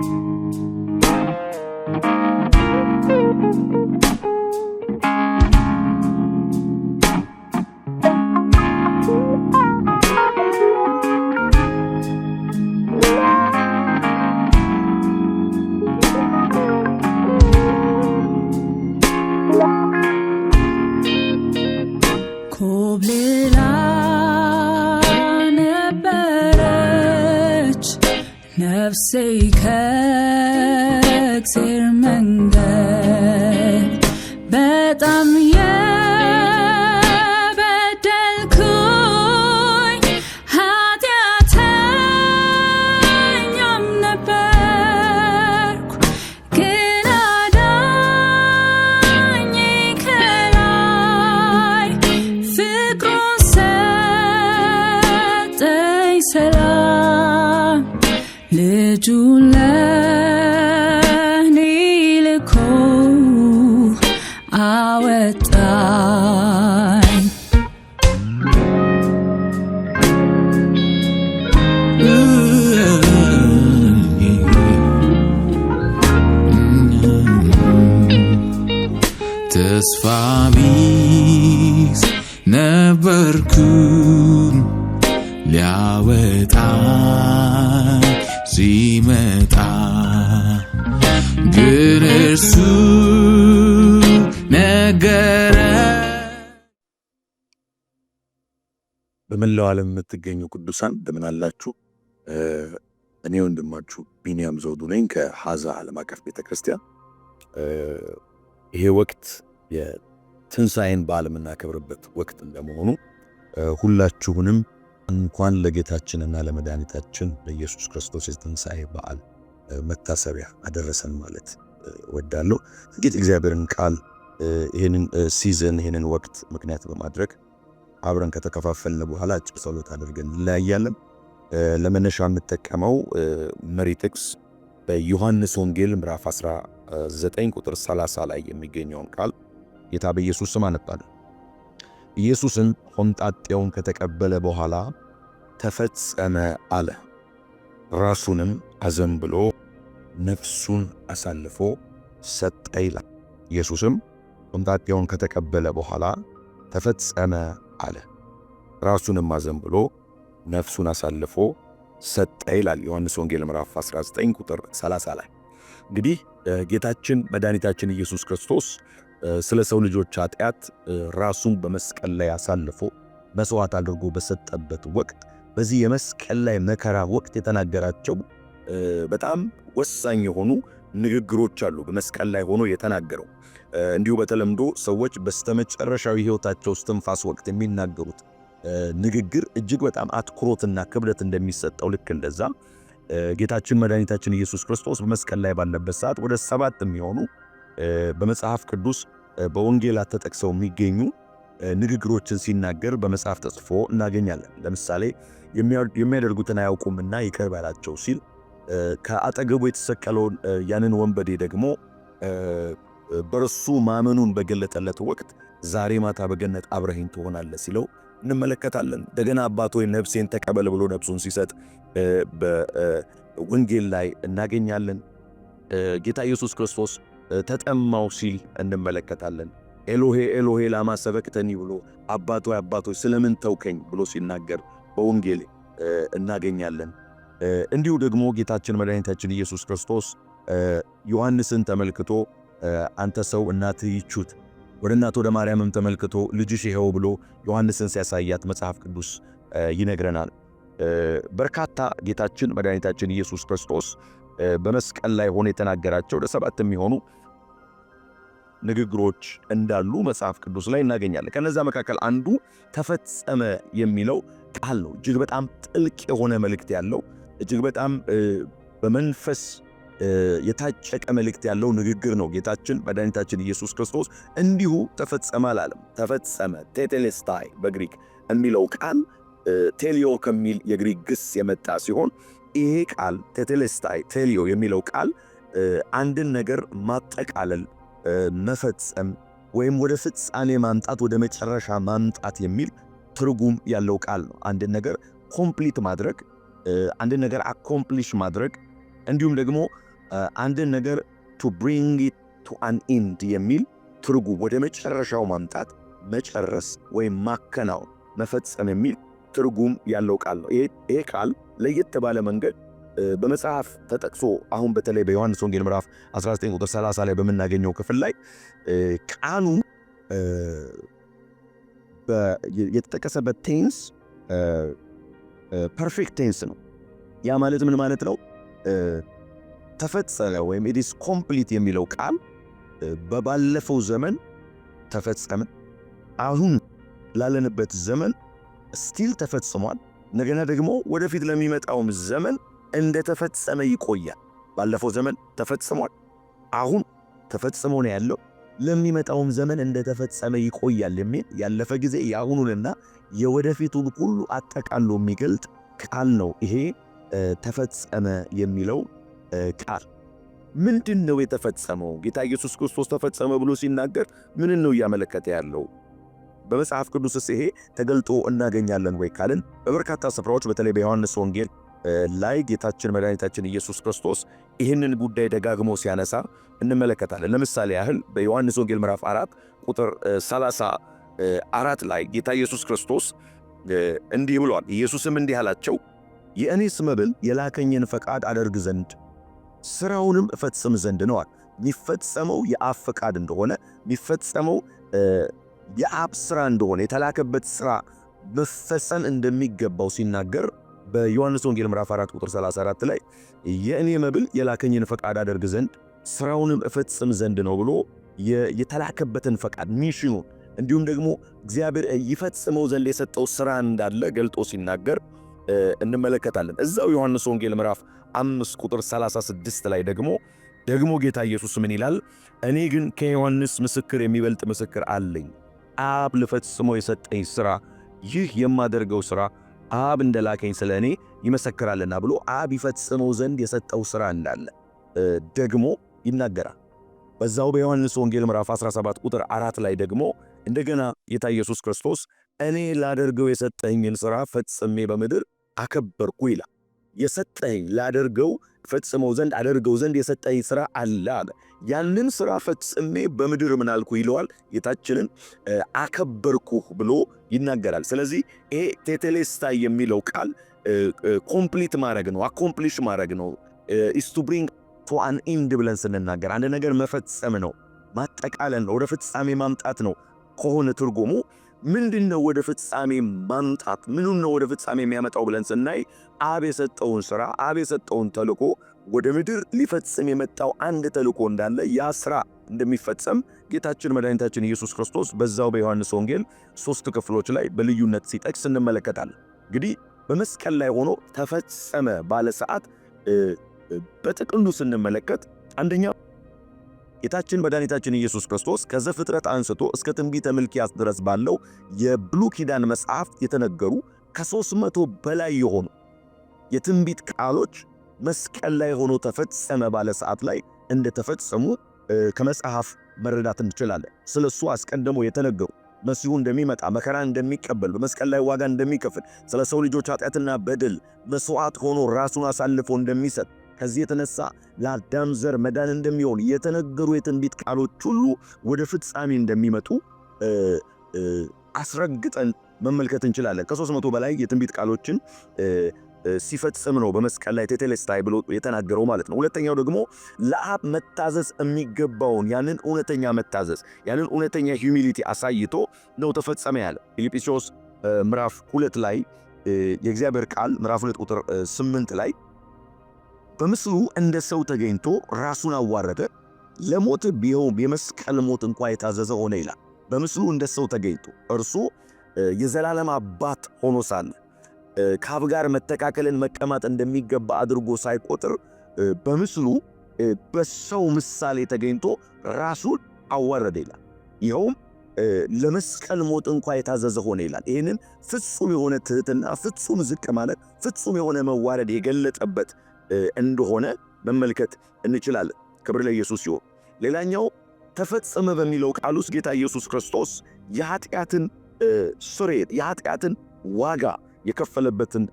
Thank you. ግን እርሱ ነገረ። በመላው ዓለም የምትገኙ ቅዱሳን እንደምን አላችሁ? እኔ ወንድማችሁ ቢንያም ዘውዱ ነኝ ከሀዛ ዓለም አቀፍ ቤተ ክርስቲያን። ይሄ ወቅት የትንሣኤን በዓል የምናከብርበት ወቅት እንደመሆኑ ሁላችሁንም እንኳን ለጌታችንና ለመድኃኒታችን ለኢየሱስ ክርስቶስ የትንሣኤ በዓል መታሰቢያ አደረሰን ማለት ወዳለሁ። እንግዲህ እግዚአብሔርን ቃል ይህንን ሲዝን ይህንን ወቅት ምክንያት በማድረግ አብረን ከተከፋፈልን በኋላ አጭር ጸሎት አድርገን እንለያያለን። ለመነሻ የምጠቀመው መሪ ጥቅስ በዮሐንስ ወንጌል ምዕራፍ 19 ቁጥር 30 ላይ የሚገኘውን ቃል ጌታ በኢየሱስ ስም አነባለ። ኢየሱስም ሆምጣጤውን ከተቀበለ በኋላ ተፈጸመ አለ፣ ራሱንም አዘን ብሎ ነፍሱን አሳልፎ ሰጠ ይላል። ኢየሱስም ኮምጣጤውን ከተቀበለ በኋላ ተፈጸመ አለ። ራሱንም አዘንብሎ ነፍሱን አሳልፎ ሰጠ ይላል ዮሐንስ ወንጌል ምዕራፍ 19 ቁጥር 30 ላይ። እንግዲህ ጌታችን መድኃኒታችን ኢየሱስ ክርስቶስ ስለ ሰው ልጆች ኃጢአት ራሱን በመስቀል ላይ አሳልፎ መስዋዕት አድርጎ በሰጠበት ወቅት በዚህ የመስቀል ላይ መከራ ወቅት የተናገራቸው በጣም ወሳኝ የሆኑ ንግግሮች አሉ በመስቀል ላይ ሆኖ የተናገረው። እንዲሁ በተለምዶ ሰዎች በስተመጨረሻዊ ህይወታቸው እስትንፋስ ወቅት የሚናገሩት ንግግር እጅግ በጣም አትኩሮትና ክብደት እንደሚሰጠው ልክ እንደዛ ጌታችን መድኃኒታችን ኢየሱስ ክርስቶስ በመስቀል ላይ ባለበት ሰዓት ወደ ሰባት የሚሆኑ በመጽሐፍ ቅዱስ በወንጌላት ተጠቅሰው የሚገኙ ንግግሮችን ሲናገር በመጽሐፍ ተጽፎ እናገኛለን። ለምሳሌ የሚያደርጉትን አያውቁምና ይቅር በላቸው ሲል ከአጠገቡ የተሰቀለውን ያንን ወንበዴ ደግሞ በርሱ ማመኑን በገለጠለት ወቅት ዛሬ ማታ በገነት አብረኸኝ ትሆናለህ ሲለው እንመለከታለን። እንደገና አባት ሆይ ነፍሴን ተቀበል ብሎ ነፍሱን ሲሰጥ በወንጌል ላይ እናገኛለን። ጌታ ኢየሱስ ክርስቶስ ተጠማው ሲል እንመለከታለን። ኤሎሄ ኤሎሄ ላማ ሰበቅተኒ ብሎ አባቶ አባቶ ስለምን ተውከኝ ብሎ ሲናገር በወንጌል እናገኛለን። እንዲሁ ደግሞ ጌታችን መድኃኒታችን ኢየሱስ ክርስቶስ ዮሐንስን ተመልክቶ አንተ ሰው እናትህ ይቹት ወደ እናት ወደ ማርያምም ተመልክቶ ልጅሽ ይኸው ብሎ ዮሐንስን ሲያሳያት መጽሐፍ ቅዱስ ይነግረናል። በርካታ ጌታችን መድኃኒታችን ኢየሱስ ክርስቶስ በመስቀል ላይ ሆኖ የተናገራቸው ወደ ሰባት የሚሆኑ ንግግሮች እንዳሉ መጽሐፍ ቅዱስ ላይ እናገኛለን። ከነዛ መካከል አንዱ ተፈጸመ የሚለው ቃል ነው። እጅግ በጣም ጥልቅ የሆነ መልእክት ያለው እጅግ በጣም በመንፈስ የታጨቀ መልእክት ያለው ንግግር ነው። ጌታችን መድኃኒታችን ኢየሱስ ክርስቶስ እንዲሁ ተፈጸመ አላለም። ተፈጸመ ቴቴሌስታይ በግሪክ የሚለው ቃል ቴሊዮ ከሚል የግሪክ ግስ የመጣ ሲሆን ይሄ ቃል ቴቴሌስታይ ቴሊዮ የሚለው ቃል አንድን ነገር ማጠቃለል፣ መፈጸም ወይም ወደ ፍጻሜ ማምጣት፣ ወደ መጨረሻ ማምጣት የሚል ትርጉም ያለው ቃል ነው። አንድን ነገር ኮምፕሊት ማድረግ አንድን ነገር አኮምፕሊሽ ማድረግ እንዲሁም ደግሞ አንድን ነገር ቱ ብሪንግ ኢት ቱ አን ኢንድ የሚል ትርጉም ወደ መጨረሻው ማምጣት መጨረስ ወይም ማከናወን መፈጸም የሚል ትርጉም ያለው ቃል ነው። ይሄ ቃል ለየት ባለ መንገድ በመጽሐፍ ተጠቅሶ አሁን በተለይ በዮሐንስ ወንጌል ምዕራፍ 19 ቁጥር 30 ላይ በምናገኘው ክፍል ላይ ቃሉ የተጠቀሰበት ቴንስ ፐርፌክት ቴንስ ነው። ያ ማለት ምን ማለት ነው? ተፈጸመ ወይም ኢትስ ኮምፕሊት የሚለው ቃል በባለፈው ዘመን ተፈጸመ፣ አሁን ላለንበት ዘመን ስቲል ተፈጽሟል፣ እንደገና ደግሞ ወደፊት ለሚመጣውም ዘመን እንደተፈጸመ ይቆያል። ባለፈው ዘመን ተፈጽሟል፣ አሁን ተፈጽሞ ነው ያለው፣ ለሚመጣውም ዘመን እንደተፈጸመ ይቆያል የሚል ያለፈ ጊዜ የአሁኑንና የወደፊቱን ሁሉ አጠቃሎ የሚገልጥ ቃል ነው። ይሄ ተፈጸመ የሚለው ቃል ምንድን ነው የተፈጸመው? ጌታ ኢየሱስ ክርስቶስ ተፈጸመ ብሎ ሲናገር ምንን ነው እያመለከተ ያለው? በመጽሐፍ ቅዱስስ ይሄ ተገልጦ እናገኛለን ወይ ካልን በበርካታ ስፍራዎች በተለይ በዮሐንስ ወንጌል ላይ ጌታችን መድኃኒታችን ኢየሱስ ክርስቶስ ይህንን ጉዳይ ደጋግሞ ሲያነሳ እንመለከታለን። ለምሳሌ ያህል በዮሐንስ ወንጌል ምዕራፍ 4 ቁጥር 30 አራት ላይ ጌታ ኢየሱስ ክርስቶስ እንዲህ ብሏል። ኢየሱስም እንዲህ አላቸው፣ የእኔስ መብል የላከኝን ፈቃድ አደርግ ዘንድ ስራውንም እፈጽም ዘንድ ነዋል። የሚፈጸመው የአብ ፈቃድ እንደሆነ የሚፈጸመው የአብ ስራ እንደሆነ የተላከበት ስራ መፈጸም እንደሚገባው ሲናገር በዮሐንስ ወንጌል ምዕራፍ 4 ቁጥር 34 ላይ የእኔ መብል የላከኝን ፈቃድ አደርግ ዘንድ ስራውንም እፈጽም ዘንድ ነው ብሎ የተላከበትን ፈቃድ ሚሽኑን እንዲሁም ደግሞ እግዚአብሔር ይፈጽመው ዘንድ የሰጠው ስራ እንዳለ ገልጦ ሲናገር እንመለከታለን። እዛው ዮሐንስ ወንጌል ምዕራፍ 5 ቁጥር 36 ላይ ደግሞ ደግሞ ጌታ ኢየሱስ ምን ይላል? እኔ ግን ከዮሐንስ ምስክር የሚበልጥ ምስክር አለኝ። አብ ልፈጽሞ የሰጠኝ ስራ ይህ የማደርገው ስራ አብ እንደላከኝ ስለ እኔ ይመሰክራልና ብሎ አብ ይፈጽመው ዘንድ የሰጠው ስራ እንዳለ ደግሞ ይናገራል። በዛው በዮሐንስ ወንጌል ምዕራፍ 17 ቁጥር 4 ላይ ደግሞ እንደገና ጌታ ኢየሱስ ክርስቶስ እኔ ላደርገው የሰጠኝን ሥራ ፈጽሜ በምድር አከበርኩ ይላል። የሰጠኝ ላደርገው ፈጽመው ዘንድ አደርገው ዘንድ የሰጠኝ ሥራ አለ አለ። ያንን ሥራ ፈጽሜ በምድር ምናልኩ ይለዋል። ጌታችንን አከበርኩ ብሎ ይናገራል። ስለዚህ ይሄ ቴቴሌስታ የሚለው ቃል ኮምፕሊት ማድረግ ነው፣ አኮምፕሊሽ ማድረግ ነው። ኢስ ቱ ብሪንግ ቱ አን ኢንድ ብለን ስንናገር አንድ ነገር መፈጸም ነው፣ ማጠቃለል ነው፣ ወደ ፍጻሜ ማምጣት ነው ከሆነ ትርጉሙ ምንድን ነው? ወደ ፍጻሜ ማምጣት ምኑን ነው ወደ ፍጻሜ የሚያመጣው ብለን ስናይ አብ የሰጠውን ስራ አብ የሰጠውን ተልኮ ወደ ምድር ሊፈጽም የመጣው አንድ ተልኮ እንዳለ ያ ስራ እንደሚፈጸም ጌታችን መድኃኒታችን ኢየሱስ ክርስቶስ በዛው በዮሐንስ ወንጌል ሶስት ክፍሎች ላይ በልዩነት ሲጠቅስ እንመለከታለን። እንግዲህ በመስቀል ላይ ሆኖ ተፈጸመ ባለ ሰዓት በጥቅሉ ስንመለከት አንደኛ ጌታችን መድኃኒታችን ኢየሱስ ክርስቶስ ከዘፍጥረት አንስቶ እስከ ትንቢተ ሚልክያስ ድረስ ባለው የብሉይ ኪዳን መጽሐፍት የተነገሩ ከሦስት መቶ በላይ የሆኑ የትንቢት ቃሎች መስቀል ላይ ሆኖ ተፈጸመ ባለ ሰዓት ላይ እንደተፈጸሙ ከመጽሐፍ መረዳት እንችላለን። ስለ እሱ አስቀድሞ የተነገሩ መሲሁ እንደሚመጣ መከራ እንደሚቀበል በመስቀል ላይ ዋጋ እንደሚከፍል ስለ ሰው ልጆች ኃጢአትና በደል መስዋዕት ሆኖ ራሱን አሳልፎ እንደሚሰጥ ከዚህ የተነሳ ለአዳም ዘር መዳን እንደሚሆን የተነገሩ የትንቢት ቃሎች ሁሉ ወደ ፍጻሜ እንደሚመጡ አስረግጠን መመልከት እንችላለን። ከሶስት መቶ በላይ የትንቢት ቃሎችን ሲፈጽም ነው በመስቀል ላይ ቴቴሌስታይ ብሎ የተናገረው ማለት ነው። ሁለተኛው ደግሞ ለአብ መታዘዝ የሚገባውን ያንን እውነተኛ መታዘዝ ያንን እውነተኛ ሂዩሚሊቲ አሳይቶ ነው ተፈጸመ ያለ ፊልጵስዩስ ምዕራፍ ሁለት ላይ የእግዚአብሔር ቃል ምዕራፍ ሁለት ቁጥር ስምንት ላይ በምስሉ እንደ ሰው ተገኝቶ ራሱን አዋረደ፣ ለሞት ቢሆን የመስቀል ሞት እንኳ የታዘዘ ሆነ ይላል። በምስሉ እንደ ሰው ተገኝቶ እርሱ የዘላለም አባት ሆኖ ሳለ ከአብ ጋር መተካከልን መቀማት እንደሚገባ አድርጎ ሳይቆጥር በምስሉ በሰው ምሳሌ ተገኝቶ ራሱን አዋረደ ይላል። ይኸውም ለመስቀል ሞት እንኳ የታዘዘ ሆነ ይላል። ይህንን ፍጹም የሆነ ትህትና፣ ፍጹም ዝቅ ማለት፣ ፍጹም የሆነ መዋረድ የገለጠበት እንደሆነ መመልከት እንችላለን። ክብር ለኢየሱስ ይሁን። ሌላኛው ተፈጸመ በሚለው ቃል ውስጥ ጌታ ኢየሱስ ክርስቶስ የኃጢአትን ስርየት የኃጢአትን ዋጋ የከፈለበትን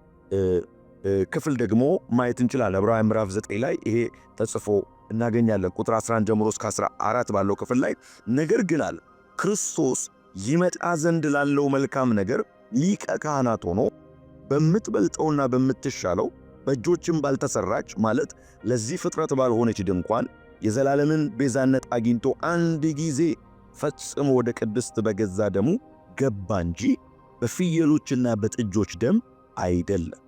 ክፍል ደግሞ ማየት እንችላለን። ዕብራውያን ምዕራፍ 9 ላይ ይሄ ተጽፎ እናገኛለን። ቁጥር 11 ጀምሮ እስከ 14 ባለው ክፍል ላይ ነገር ግን አለ ክርስቶስ ይመጣ ዘንድ ላለው መልካም ነገር ሊቀ ካህናት ሆኖ በምትበልጠውና በምትሻለው በእጆችም ባልተሰራች ማለት ለዚህ ፍጥረት ባልሆነች ድንኳን የዘላለምን ቤዛነት አግኝቶ አንድ ጊዜ ፈጽሞ ወደ ቅድስት በገዛ ደሙ ገባ እንጂ በፍየሎችና በጥጆች ደም አይደለም።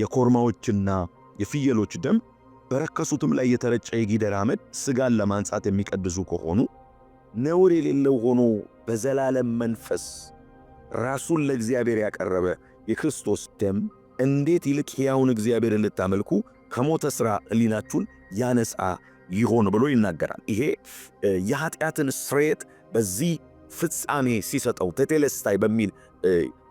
የኮርማዎችና የፍየሎች ደም በረከሱትም ላይ የተረጨ የጊደር አመድ ስጋን ለማንጻት የሚቀድሱ ከሆኑ ነውር የሌለው ሆኖ በዘላለም መንፈስ ራሱን ለእግዚአብሔር ያቀረበ የክርስቶስ ደም እንዴት ይልቅ ሕያውን እግዚአብሔርን ልታመልኩ ከሞተ ሥራ ሕሊናችሁን ያነጻ ይሆን ብሎ ይናገራል። ይሄ የኃጢአትን ስርየት በዚህ ፍጻሜ ሲሰጠው ቴቴለስታይ በሚል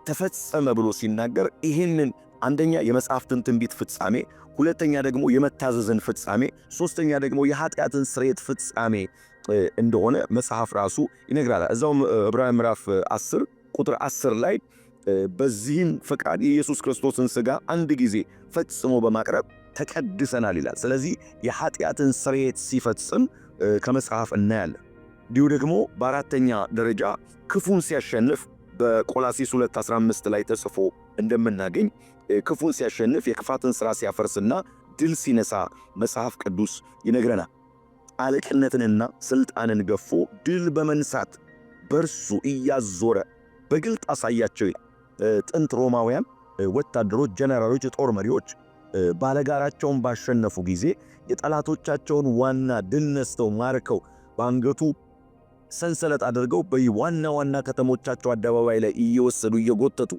ተፈጸመ ብሎ ሲናገር ይህንን አንደኛ የመጽሐፍትን ትንቢት ፍጻሜ፣ ሁለተኛ ደግሞ የመታዘዝን ፍጻሜ፣ ሶስተኛ ደግሞ የኃጢአትን ስርየት ፍጻሜ እንደሆነ መጽሐፍ ራሱ ይነግራል። እዛውም ዕብራውያን ምዕራፍ 10 ቁጥር 10 ላይ በዚህም ፈቃድ የኢየሱስ ክርስቶስን ሥጋ አንድ ጊዜ ፈጽሞ በማቅረብ ተቀድሰናል ይላል። ስለዚህ የኃጢአትን ስርየት ሲፈጽም ከመጽሐፍ እናያለን። እንዲሁ ደግሞ በአራተኛ ደረጃ ክፉን ሲያሸንፍ በቆላሲስ 2:15 ላይ ተጽፎ እንደምናገኝ ክፉን ሲያሸንፍ የክፋትን ሥራ ሲያፈርስና ድል ሲነሳ መጽሐፍ ቅዱስ ይነግረናል። አለቅነትንና ስልጣንን ገፎ ድል በመንሳት በእርሱ እያዞረ በግልጥ አሳያቸው ይላል። ጥንት ሮማውያን ወታደሮች፣ ጀነራሎች፣ የጦር መሪዎች ባለጋራቸውን ባሸነፉ ጊዜ የጠላቶቻቸውን ዋና ድል ነስተው ማርከው በአንገቱ ሰንሰለት አድርገው በዋና ዋና ከተሞቻቸው አደባባይ ላይ እየወሰዱ እየጎተቱ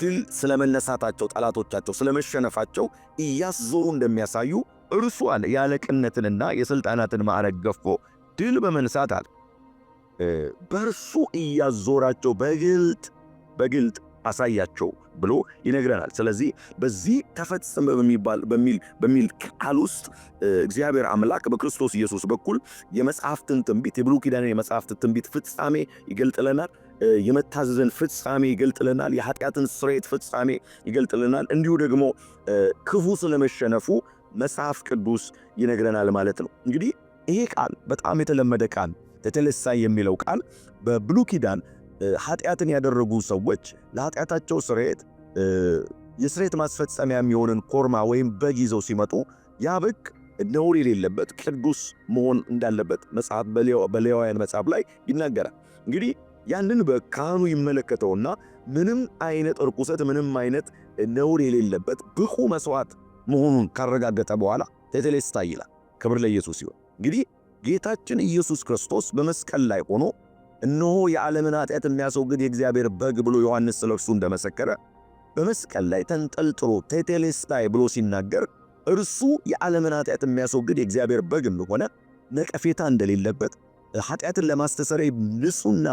ድል ስለመነሳታቸው ጠላቶቻቸው ስለመሸነፋቸው እያዞሩ እንደሚያሳዩ እርሱ አለ የአለቅነትንና የስልጣናትን ማዕረግ ገፎ ድል በመንሳት አለ በእርሱ እያዞራቸው በግልጥ በግልጥ አሳያቸው ብሎ ይነግረናል። ስለዚህ በዚህ ተፈጸመ በሚል ቃል ውስጥ እግዚአብሔር አምላክ በክርስቶስ ኢየሱስ በኩል የመጽሐፍትን ትንቢት የብሉይ ኪዳንን የመጽሐፍት ትንቢት ፍጻሜ ይገልጥልናል። የመታዘዝን ፍጻሜ ይገልጥልናል። የኃጢአትን ስርየት ፍጻሜ ይገልጥልናል። እንዲሁ ደግሞ ክፉ ስለመሸነፉ መጽሐፍ ቅዱስ ይነግረናል ማለት ነው። እንግዲህ ይሄ ቃል በጣም የተለመደ ቃል ተተለሳይ የሚለው ቃል በብሉይ ኪዳን ኃጢአትን ያደረጉ ሰዎች ለኃጢአታቸው ስርየት የስርየት ማስፈጸሚያ የሚሆንን ኮርማ ወይም በግ ይዘው ሲመጡ ያ በግ ነውር የሌለበት ቅዱስ መሆን እንዳለበት መጽሐፍ በሌዋውያን መጽሐፍ ላይ ይናገራል። እንግዲህ ያንን በግ ካህኑ ይመለከተውና ምንም አይነት እርኩሰት፣ ምንም አይነት ነውር የሌለበት ብቁ መስዋዕት መሆኑን ካረጋገጠ በኋላ ቴቴሌስታ ይላል። ክብር ለኢየሱስ ይሁን። እንግዲህ ጌታችን ኢየሱስ ክርስቶስ በመስቀል ላይ ሆኖ እነሆ የዓለምን ኃጢአት የሚያስወግድ የእግዚአብሔር በግ ብሎ ዮሐንስ ስለ እርሱ እንደመሰከረ በመስቀል ላይ ተንጠልጥሎ ቴቴሌስታይ ብሎ ሲናገር እርሱ የዓለምን ኃጢአት የሚያስወግድ የእግዚአብሔር በግ እንደሆነ ነቀፌታ እንደሌለበት ኃጢአትን ለማስተሰረይ ንጹሕና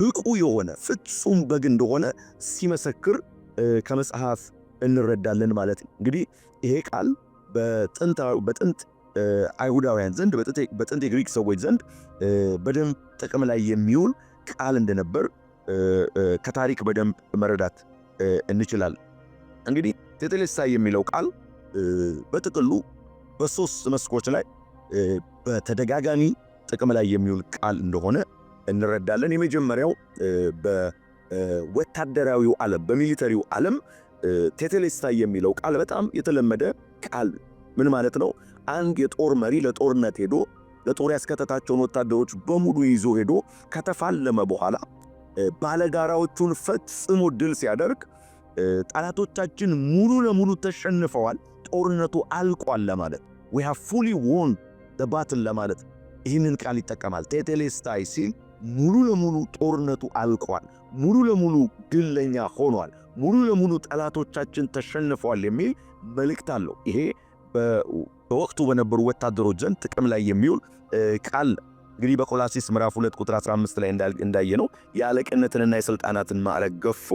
ብቁ የሆነ ፍጹም በግ እንደሆነ ሲመሰክር ከመጽሐፍ እንረዳለን ማለት ነው። እንግዲህ ይሄ ቃል በጥንት አይሁዳውያን ዘንድ በጥንት የግሪክ ሰዎች ዘንድ በደንብ ጥቅም ላይ የሚውል ቃል እንደነበር ከታሪክ በደንብ መረዳት እንችላለን። እንግዲህ ቴቴሌስታይ የሚለው ቃል በጥቅሉ በሶስት መስኮች ላይ በተደጋጋሚ ጥቅም ላይ የሚውል ቃል እንደሆነ እንረዳለን። የመጀመሪያው በወታደራዊው ዓለም በሚሊተሪው ዓለም ቴቴሌስታይ የሚለው ቃል በጣም የተለመደ ቃል ምን ማለት ነው? አንድ የጦር መሪ ለጦርነት ሄዶ ለጦር ያስከተታቸውን ወታደሮች በሙሉ ይዞ ሄዶ ከተፋለመ በኋላ ባለጋራዎቹን ፈጽሞ ድል ሲያደርግ ጠላቶቻችን ሙሉ ለሙሉ ተሸንፈዋል፣ ጦርነቱ አልቋል ለማለት we have ፉሊ ዎን the ለማለት ይህንን ቃል ይጠቀማል። ቴቴሌስታይ ሲል ሙሉ ለሙሉ ጦርነቱ አልቋል፣ ሙሉ ለሙሉ ድል ለኛ ሆኗል፣ ሙሉ ለሙሉ ጠላቶቻችን ተሸንፈዋል የሚል መልእክት አለው ይሄ በወቅቱ በነበሩ ወታደሮች ዘንድ ጥቅም ላይ የሚውል ቃል እንግዲህ በቆላሲስ ምዕራፍ 2 ቁጥር 15 ላይ እንዳየ ነው የአለቅነትንና የስልጣናትን ማዕረግ ገፎ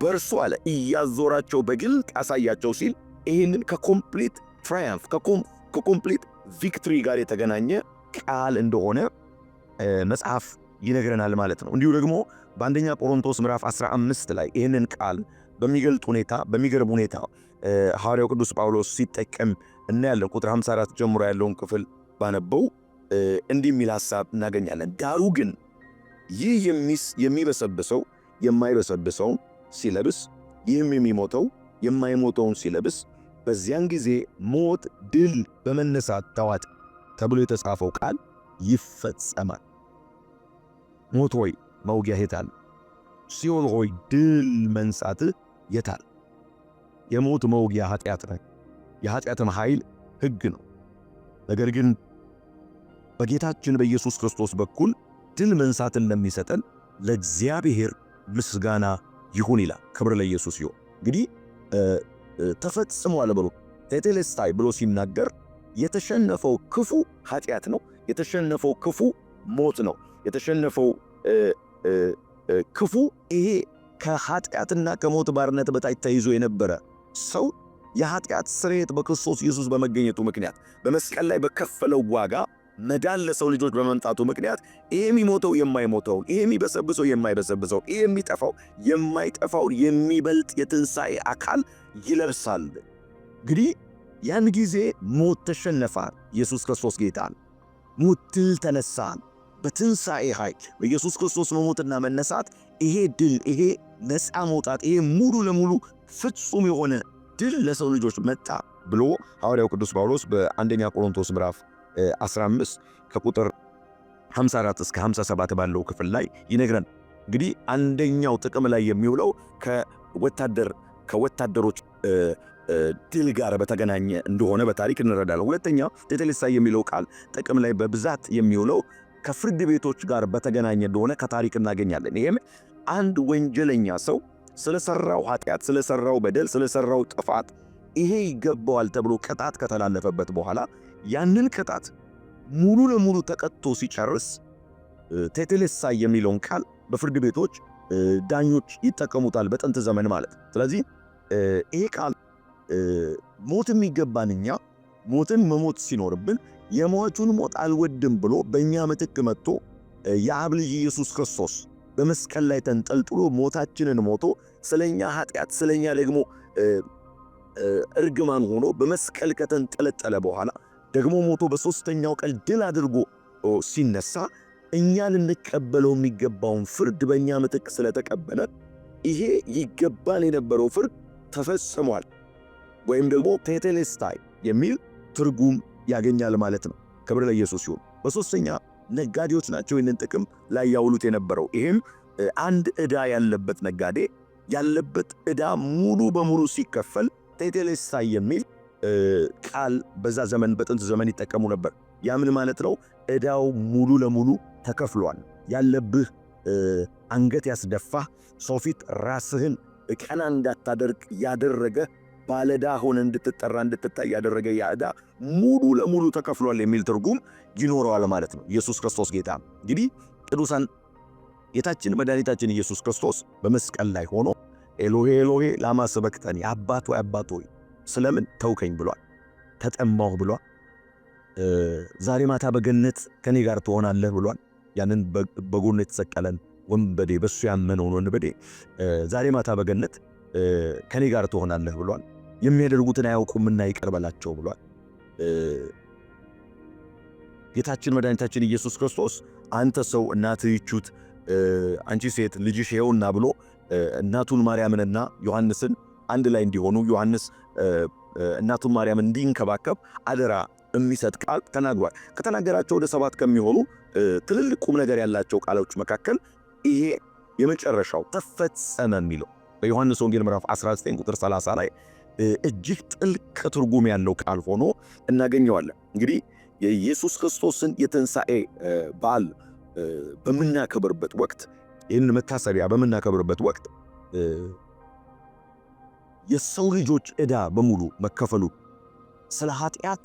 በእርሱ አለ እያዞራቸው በግልጥ አሳያቸው ሲል ይህንን ከኮምፕሊት ትራያምፍ ከኮምፕሊት ቪክትሪ ጋር የተገናኘ ቃል እንደሆነ መጽሐፍ ይነግረናል ማለት ነው። እንዲሁ ደግሞ በአንደኛ ቆሮንቶስ ምዕራፍ 15 ላይ ይህንን ቃል በሚገልጥ ሁኔታ በሚገርም ሁኔታ ሐዋርያው ቅዱስ ጳውሎስ ሲጠቀም እናያለን። ቁጥር 54 ጀምሮ ያለውን ክፍል ባነበው እንዲህ የሚል ሐሳብ እናገኛለን። ዳሩ ግን ይህ የሚበሰብሰው የማይበሰብሰውን ሲለብስ፣ ይህም የሚሞተው የማይሞተውን ሲለብስ፣ በዚያን ጊዜ ሞት ድል በመነሳት ተዋጠ ተብሎ የተጻፈው ቃል ይፈጸማል። ሞት ሆይ መውጊያ የታል? ሲኦል ሆይ ድል መንሳትህ የታል? የሞት መውጊያ ኃጢአት ነው። የኃጢአትም ኃይል ሕግ ነው። ነገር ግን በጌታችን በኢየሱስ ክርስቶስ በኩል ድል መንሳትን ለሚሰጠን ለእግዚአብሔር ምስጋና ይሁን ይላል። ክብር ለኢየሱስ ይሁን። እንግዲህ ተፈጽሟል ብሎ ቴቴሌስታይ ብሎ ሲናገር የተሸነፈው ክፉ ኃጢአት ነው። የተሸነፈው ክፉ ሞት ነው። የተሸነፈው ክፉ ይሄ ከኃጢአትና ከሞት ባርነት በታች ተይዞ የነበረ ሰው የኃጢአት ስርየት በክርስቶስ ኢየሱስ በመገኘቱ ምክንያት በመስቀል ላይ በከፈለው ዋጋ መዳን ለሰው ልጆች በመምጣቱ ምክንያት ይሄ የሚሞተው የማይሞተውን፣ ይሄ የሚበሰብሰው የማይበሰብሰውን፣ ይሄ የሚጠፋው የማይጠፋውን የሚበልጥ የትንሣኤ አካል ይለብሳል። እንግዲህ ያን ጊዜ ሞት ተሸነፈ። ኢየሱስ ክርስቶስ ጌታ ሞት ድል ተነሳ። በትንሣኤ ኃይል በኢየሱስ ክርስቶስ መሞትና መነሳት ይሄ ድል ይሄ ነፃ መውጣት ይሄ ሙሉ ለሙሉ ፍጹም የሆነ ድል ለሰው ልጆች መጣ ብሎ ሐዋርያው ቅዱስ ጳውሎስ በአንደኛ ቆሮንቶስ ምዕራፍ 15 ከቁጥር 54 እስከ 57 ባለው ክፍል ላይ ይነግረን። እንግዲህ አንደኛው ጥቅም ላይ የሚውለው ከወታደር ከወታደሮች ድል ጋር በተገናኘ እንደሆነ በታሪክ እንረዳለን። ሁለተኛ ቴቴሌሳ የሚለው ቃል ጥቅም ላይ በብዛት የሚውለው ከፍርድ ቤቶች ጋር በተገናኘ እንደሆነ ከታሪክ እናገኛለን። ይህም አንድ ወንጀለኛ ሰው ስለሰራው ኃጢአት፣ ስለሰራው በደል፣ ስለሰራው ጥፋት ይሄ ይገባዋል ተብሎ ቅጣት ከተላለፈበት በኋላ ያንን ቅጣት ሙሉ ለሙሉ ተቀጥቶ ሲጨርስ ቴቴሌሳ የሚለውን ቃል በፍርድ ቤቶች ዳኞች ይጠቀሙታል በጥንት ዘመን ማለት። ስለዚህ ይሄ ቃል ሞት የሚገባን እኛ ሞትን መሞት ሲኖርብን የሟቹን ሞት አልወድም ብሎ በእኛ ምትክ መጥቶ የአብ ልጅ ኢየሱስ ክርስቶስ በመስቀል ላይ ተንጠልጥሎ ሞታችንን ሞቶ ስለኛ ኃጢአት ስለኛ ደግሞ እርግማን ሆኖ በመስቀል ከተንጠለጠለ በኋላ ደግሞ ሞቶ በሶስተኛው ቀን ድል አድርጎ ሲነሳ እኛ ልንቀበለው የሚገባውን ፍርድ በእኛ ምትክ ስለተቀበለ ይሄ ይገባል የነበረው ፍርድ ተፈጽሟል ወይም ደግሞ ቴቴሌስታይ የሚል ትርጉም ያገኛል ማለት ነው። ክብር ለኢየሱስ ይሁን። በሶስተኛ ነጋዴዎች ናቸው ይህንን ጥቅም ላይ ያውሉት የነበረው። ይህም አንድ ዕዳ ያለበት ነጋዴ ያለበት ዕዳ ሙሉ በሙሉ ሲከፈል ቴቴሌስታ የሚል ቃል በዛ ዘመን በጥንት ዘመን ይጠቀሙ ነበር። ያ ምን ማለት ነው? ዕዳው ሙሉ ለሙሉ ተከፍሏል። ያለብህ አንገት ያስደፋ ሰው ፊት ራስህን ቀና እንዳታደርግ ያደረገ ባለዳ ሆነ እንድትጠራ እንድትታይ ያደረገ ያ ዕዳ ሙሉ ለሙሉ ተከፍሏል የሚል ትርጉም ይኖረዋል ማለት ነው። ኢየሱስ ክርስቶስ ጌታ እንግዲህ ቅዱሳን ጌታችን መድኃኒታችን ኢየሱስ ክርስቶስ በመስቀል ላይ ሆኖ ኤሎሄ ኤሎሄ ላማ ሰበክተኒ፣ አባት ሆይ አባት ሆይ ስለምን ተውከኝ ብሏል። ተጠማሁ ብሏል። ዛሬ ማታ በገነት ከኔ ጋር ትሆናለህ ብሏል። ያንን በጎኑ የተሰቀለን ወንበዴ በሱ ያመነውን ወንበዴ ዛሬ ማታ በገነት ከኔ ጋር ትሆናለህ ብሏል። የሚያደርጉትን አያውቁምና ይቅር በላቸው ብሏል። ጌታችን መድኃኒታችን ኢየሱስ ክርስቶስ አንተ ሰው እናትህ ይቹት አንቺ ሴት ልጅሽ ይኸውና ብሎ እናቱን ማርያምንና ዮሐንስን አንድ ላይ እንዲሆኑ ዮሐንስ እናቱን ማርያም እንዲንከባከብ አደራ የሚሰጥ ቃል ተናግሯል። ከተናገራቸው ወደ ሰባት ከሚሆኑ ትልልቅ ቁም ነገር ያላቸው ቃሎች መካከል ይሄ የመጨረሻው ተፈጸመ የሚለው በዮሐንስ ወንጌል ምዕራፍ 19 ቁጥር 30 ላይ እጅግ ጥልቅ ትርጉም ያለው ቃል ሆኖ እናገኘዋለን። እንግዲህ የኢየሱስ ክርስቶስን የትንሣኤ በዓል በምናከብርበት ወቅት ይህን መታሰቢያ በምናከብርበት ወቅት የሰው ልጆች ዕዳ በሙሉ መከፈሉ ስለ ኃጢአት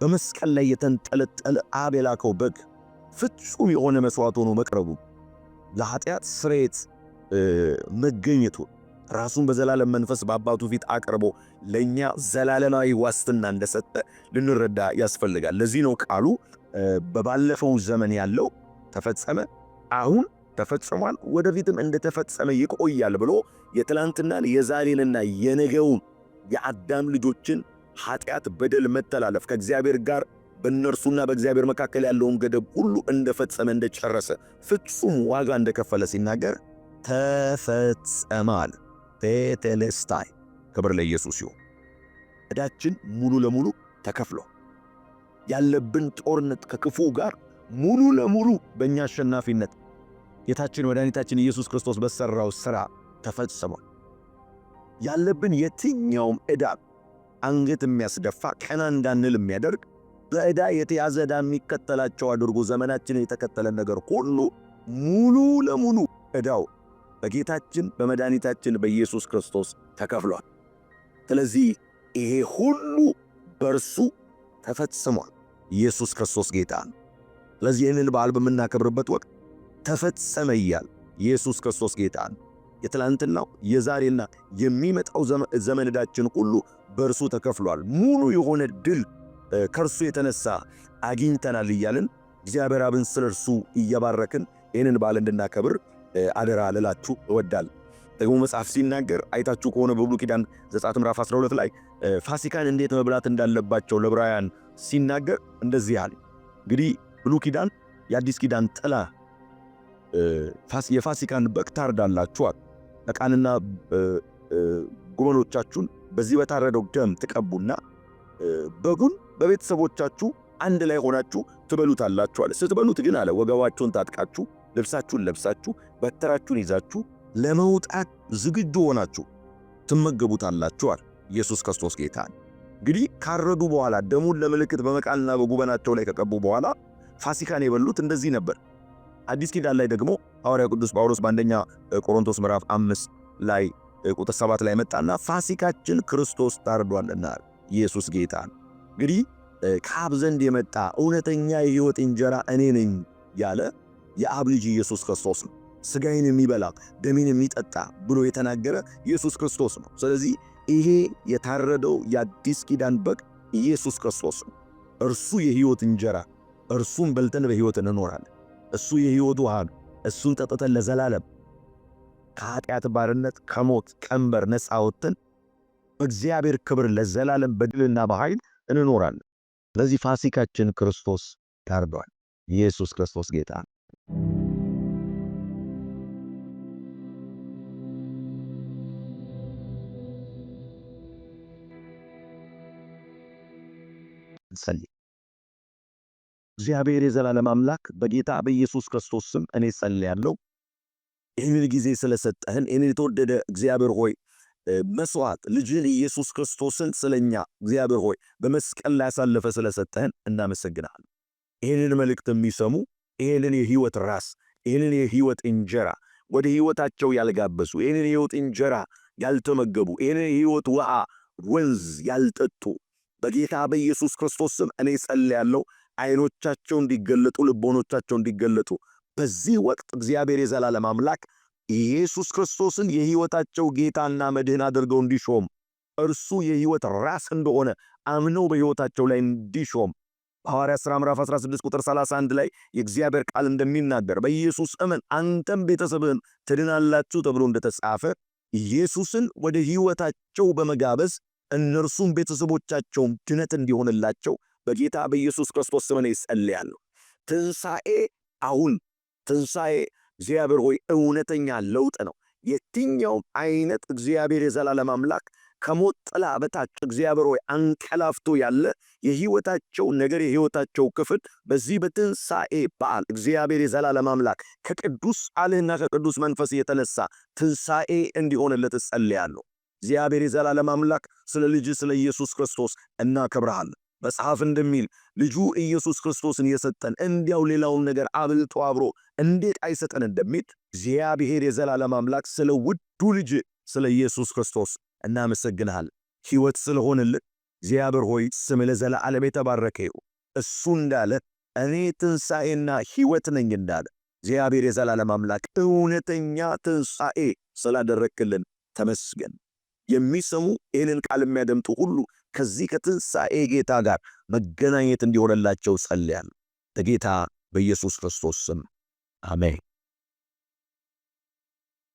በመስቀል ላይ የተንጠለጠለ አብ የላከው በግ ፍጹም የሆነ መስዋዕት ሆኖ መቅረቡ ለኃጢአት ስርየት መገኘቱ ራሱን በዘላለም መንፈስ በአባቱ ፊት አቅርቦ ለእኛ ዘላለማዊ ዋስትና እንደሰጠ ልንረዳ ያስፈልጋል። ለዚህ ነው ቃሉ በባለፈው ዘመን ያለው ተፈጸመ፣ አሁን ተፈጽሟል፣ ወደፊትም እንደተፈጸመ ይቆያል ብሎ የትላንትና የዛሬንና የነገውን የአዳም ልጆችን ኃጢአት፣ በደል፣ መተላለፍ ከእግዚአብሔር ጋር በእነርሱና በእግዚአብሔር መካከል ያለውን ገደብ ሁሉ እንደፈጸመ እንደጨረሰ ፍጹም ዋጋ እንደከፈለ ሲናገር ተፈጸማል። ቴቴሌስታይ ክብር ለኢየሱስ ይሁን። ዕዳችን ሙሉ ለሙሉ ተከፍሎ ያለብን ጦርነት ከክፉ ጋር ሙሉ ለሙሉ በእኛ አሸናፊነት ጌታችን መድኃኒታችን ኢየሱስ ክርስቶስ በሠራው ሥራ ተፈጽሟል። ያለብን የትኛውም ዕዳ አንገት የሚያስደፋ ቀና እንዳንል የሚያደርግ በዕዳ የተያዘ ዕዳ የሚከተላቸው አድርጎ ዘመናችንን የተከተለን ነገር ሁሉ ሙሉ ለሙሉ ዕዳው በጌታችን በመድኃኒታችን በኢየሱስ ክርስቶስ ተከፍሏል። ስለዚህ ይሄ ሁሉ በእርሱ ተፈጽሟል። ኢየሱስ ክርስቶስ ጌታ ነው። ስለዚህ ይህንን በዓል በምናከብርበት ወቅት ተፈጸመ እያል ኢየሱስ ክርስቶስ ጌታ ነው። የትላንትናው የዛሬና የሚመጣው ዘመን ዕዳችን ሁሉ በእርሱ ተከፍሏል። ሙሉ የሆነ ድል ከእርሱ የተነሳ አግኝተናል እያልን እግዚአብሔር አብን ስለ እርሱ እየባረክን ይህንን በዓል እንድናከብር አደራ ልላችሁ እወዳል። ደግሞ መጽሐፍ ሲናገር አይታችሁ ከሆነ በብሉይ ኪዳን ዘጸአት ምዕራፍ 12 ላይ ፋሲካን እንዴት መብላት እንዳለባቸው ለዕብራውያን ሲናገር እንደዚህ ያለ እንግዲህ ብሉ ኪዳን የአዲስ ኪዳን ጥላ የፋሲካን በግ ታርዳላችኋል። ዕቃንና ጉመሎቻችሁን በዚህ በታረደው ደም ትቀቡና በጉን በቤተሰቦቻችሁ አንድ ላይ ሆናችሁ ትበሉታላችሁ አለ። ስትበሉት ግን አለ ወገባችሁን ታጥቃችሁ፣ ልብሳችሁን ለብሳችሁ፣ በትራችሁን ይዛችሁ ለመውጣት ዝግጁ ሆናችሁ ትመገቡታላችሁ አለ ኢየሱስ ክርስቶስ ጌታ። እንግዲህ ካረዱ በኋላ ደሙን ለምልክት በመቃንና በጉበናቸው ላይ ከቀቡ በኋላ ፋሲካን የበሉት እንደዚህ ነበር። አዲስ ኪዳን ላይ ደግሞ ሐዋርያ ቅዱስ ጳውሎስ በአንደኛ ቆሮንቶስ ምዕራፍ አምስት ላይ ቁጥር ሰባት ላይ መጣና ፋሲካችን ክርስቶስ ታርዷልና ኢየሱስ ጌታ ነው። እንግዲህ ከአብ ዘንድ የመጣ እውነተኛ የህይወት እንጀራ እኔ ነኝ ያለ የአብ ልጅ ኢየሱስ ክርስቶስ ነው። ስጋዬን የሚበላ ደሜን የሚጠጣ ብሎ የተናገረ ኢየሱስ ክርስቶስ ነው። ስለዚህ ይሄ የታረደው የአዲስ ኪዳን በግ ኢየሱስ ክርስቶስ ነው። እርሱ የህይወት እንጀራ እርሱን በልተን በሕይወት እንኖራለን። እሱ የሕይወት ውሃ ነው። እሱን ጠጥተን ለዘላለም ከኃጢአት ባርነት ከሞት ቀንበር ነፃ ወጥተን በእግዚአብሔር ክብር ለዘላለም በድልና በኃይል እንኖራለን። ስለዚህ ፋሲካችን ክርስቶስ ታርዷል። ኢየሱስ ክርስቶስ ጌታ ነው። እንጸልይ። እግዚአብሔር የዘላለም አምላክ በጌታ በኢየሱስ ክርስቶስ ስም እኔ ጸልያለሁ። ይህንን ጊዜ ስለሰጠህን ይህን የተወደደ እግዚአብሔር ሆይ መስዋዕት ልጅን ኢየሱስ ክርስቶስን ስለኛ እግዚአብሔር ሆይ በመስቀል ላይ ያሳለፈ ስለሰጠህን እናመሰግናለን። ይህንን መልእክት የሚሰሙ ይህንን የህይወት ራስ ይህንን የህይወት እንጀራ ወደ ህይወታቸው ያልጋበሱ ይህንን የህይወት እንጀራ ያልተመገቡ ይህንን የህይወት ውሃ ወንዝ ያልጠጡ በጌታ በኢየሱስ ክርስቶስ ስም እኔ ጸልያለሁ። አይኖቻቸው እንዲገለጡ፣ ልቦኖቻቸው እንዲገለጡ። በዚህ ወቅት እግዚአብሔር የዘላለም አምላክ ኢየሱስ ክርስቶስን የሕይወታቸው ጌታና መድህን አድርገው እንዲሾም እርሱ የሕይወት ራስ እንደሆነ አምነው በሕይወታቸው ላይ እንዲሾም ሐዋርያ ሥራ ምዕራፍ 16 ቁጥር 31 ላይ የእግዚአብሔር ቃል እንደሚናገር በኢየሱስ እመን አንተም ቤተሰብህም ትድናላችሁ ተብሎ እንደተጻፈ ኢየሱስን ወደ ሕይወታቸው በመጋበዝ እነርሱም ቤተሰቦቻቸውም ድነት እንዲሆንላቸው በጌታ በኢየሱስ ክርስቶስ ስም ይጸልያለሁ። ትንሣኤ አሁን ትንሣኤ እግዚአብሔር ሆይ እውነተኛ ለውጥ ነው። የትኛውም አይነት እግዚአብሔር የዘላለም አምላክ ከሞት ጥላ በታች እግዚአብሔር ሆይ አንቀላፍቶ ያለ የህይወታቸው ነገር የህይወታቸው ክፍል በዚህ በትንሣኤ በዓል እግዚአብሔር የዘላለም አምላክ ከቅዱስ አልህና ከቅዱስ መንፈስ የተነሳ ትንሣኤ እንዲሆንለት እጸልያለሁ። እግዚአብሔር የዘላለም አምላክ ስለ ልጅ ስለ ኢየሱስ ክርስቶስ እናከብረሃለን። መጽሐፍ እንደሚል ልጁ ኢየሱስ ክርስቶስን የሰጠን እንዲያው ሌላውን ነገር አብልቶ አብሮ እንዴት አይሰጠን እንደሚል እግዚአብሔር የዘላለም አምላክ ስለ ውዱ ልጅ ስለ ኢየሱስ ክርስቶስ እናመሰግንሃል። ሕይወት ስለሆንልን እግዚአብሔር ሆይ ስም ለዘላለም የተባረከ ይሁን። እሱ እንዳለ እኔ ትንሣኤና ሕይወት ነኝ እንዳለ እግዚአብሔር የዘላለም አምላክ እውነተኛ ትንሣኤ ስላደረክልን ተመስገን። የሚሰሙ ይህንን ቃል የሚያደምጡ ሁሉ ከዚህ ከትንሣኤ ጌታ ጋር መገናኘት እንዲሆነላቸው ጸልያለሁ። በጌታ በኢየሱስ ክርስቶስ ስም አሜን።